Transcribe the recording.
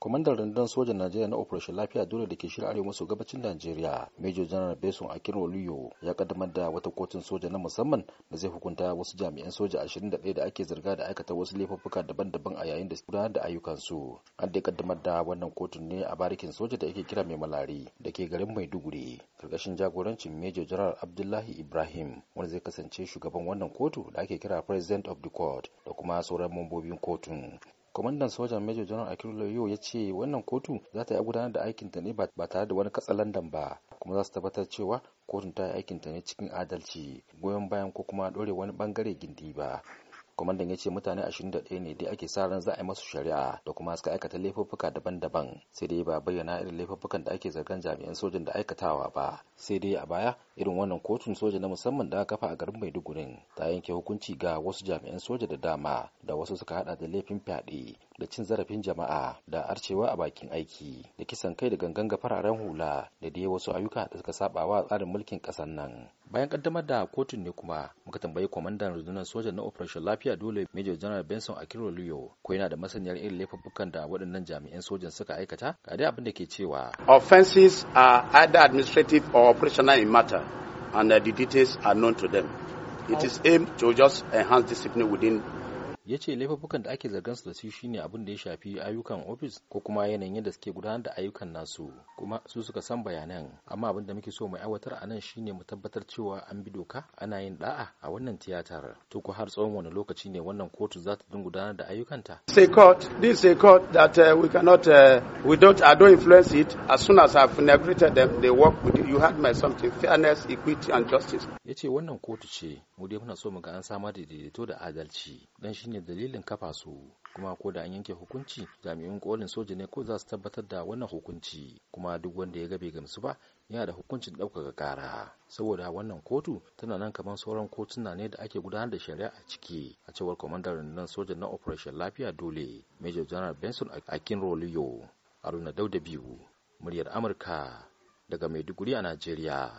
kwamandan rundunar sojan najeriya na operation lafiya dole da ke shirya arewa maso gabacin najeriya major general beson akinwoluyo ya kaddamar da wata kotun soja na musamman da zai hukunta wasu jami'an soja 21 da ake zarga da aikata wasu laifuffuka daban-daban a yayin da su gudanar da ayyukansu an ya kaddamar da wannan kotun ne a barikin soja da ake kira mai malari da ke garin maiduguri karkashin jagorancin major general abdullahi ibrahim wanda zai kasance shugaban wannan kotu da ake kira president of the court da kuma sauran mambobin kotun kwamandan sojan major general akiru layo ya ce wannan kotu za ta yi gudanar da aikin ta ne ba tare da wani katsalandan ba kuma za su tabbatar cewa kotun ta yi aikin ta ne cikin adalci goyon bayan ko kuma dore wani bangare gindi ba kwamandan ya ce mutane 21 ne dai ake sa ran za a yi masu shari'a da kuma suka aikata laifuffuka daban-daban sai dai ba bayyana irin laifuffukan da ake zargan jami'an sojan da aikatawa ba sai dai a baya irin wannan kotun soja na musamman da aka kafa a garin maiduguri ta yanke hukunci ga wasu jami'an soja da dama da wasu suka hada da laifin fyaɗe da cin zarafin jama'a da arcewa a bakin aiki da kisan kai da gangan ga fararen hula da dai wasu ayyuka da suka saba wa tsarin mulkin kasar nan bayan kaddamar da kotun ne kuma muka tambayi kwamandan rundunar sojan na operation lafiya dole major general benson akiroluyo ko yana da masaniyar irin laifuffukan da waɗannan jami'an sojan suka aikata ga dai abin da ke cewa offenses are either administrative or operational in matter and uh, the details are known to them it is aimed to just enhance discipline within ya ce laifukan da ake zargan su da su shine abin da ya shafi ayyukan ofis ko kuma yanayin yadda suke gudanar da ayyukan nasu kuma su suka san bayanan amma abin da muke so mu aiwatar a nan shine mu tabbatar cewa an bi doka ana yin da'a a wannan tiyatar to ko har tsawon wani lokaci ne wannan kotu za ta dinga gudanar da ayyukanta say court this say court that uh, we cannot uh, we don't I don't influence it as soon as I've negotiated them they work with you, you had my something fairness equity and justice yace wannan kotu ce mu dai muna so mu ga an samar da daidaito da adalci dan shine ne dalilin kafa su kuma ko da an yanke hukunci jami'an kolin soja ne ko za su tabbatar da wannan hukunci kuma duk wanda ya ga bai gamsu ba yana da hukuncin ɗaukaka ƙara saboda wannan kotu tana nan kamar sauran kotuna ne da ake gudanar da shari'a a ciki a cewar kwamandar rundunar soja na operation lafiya dole major general benson akin roliyo aruna dauda biyu muryar amurka daga maiduguri a najeriya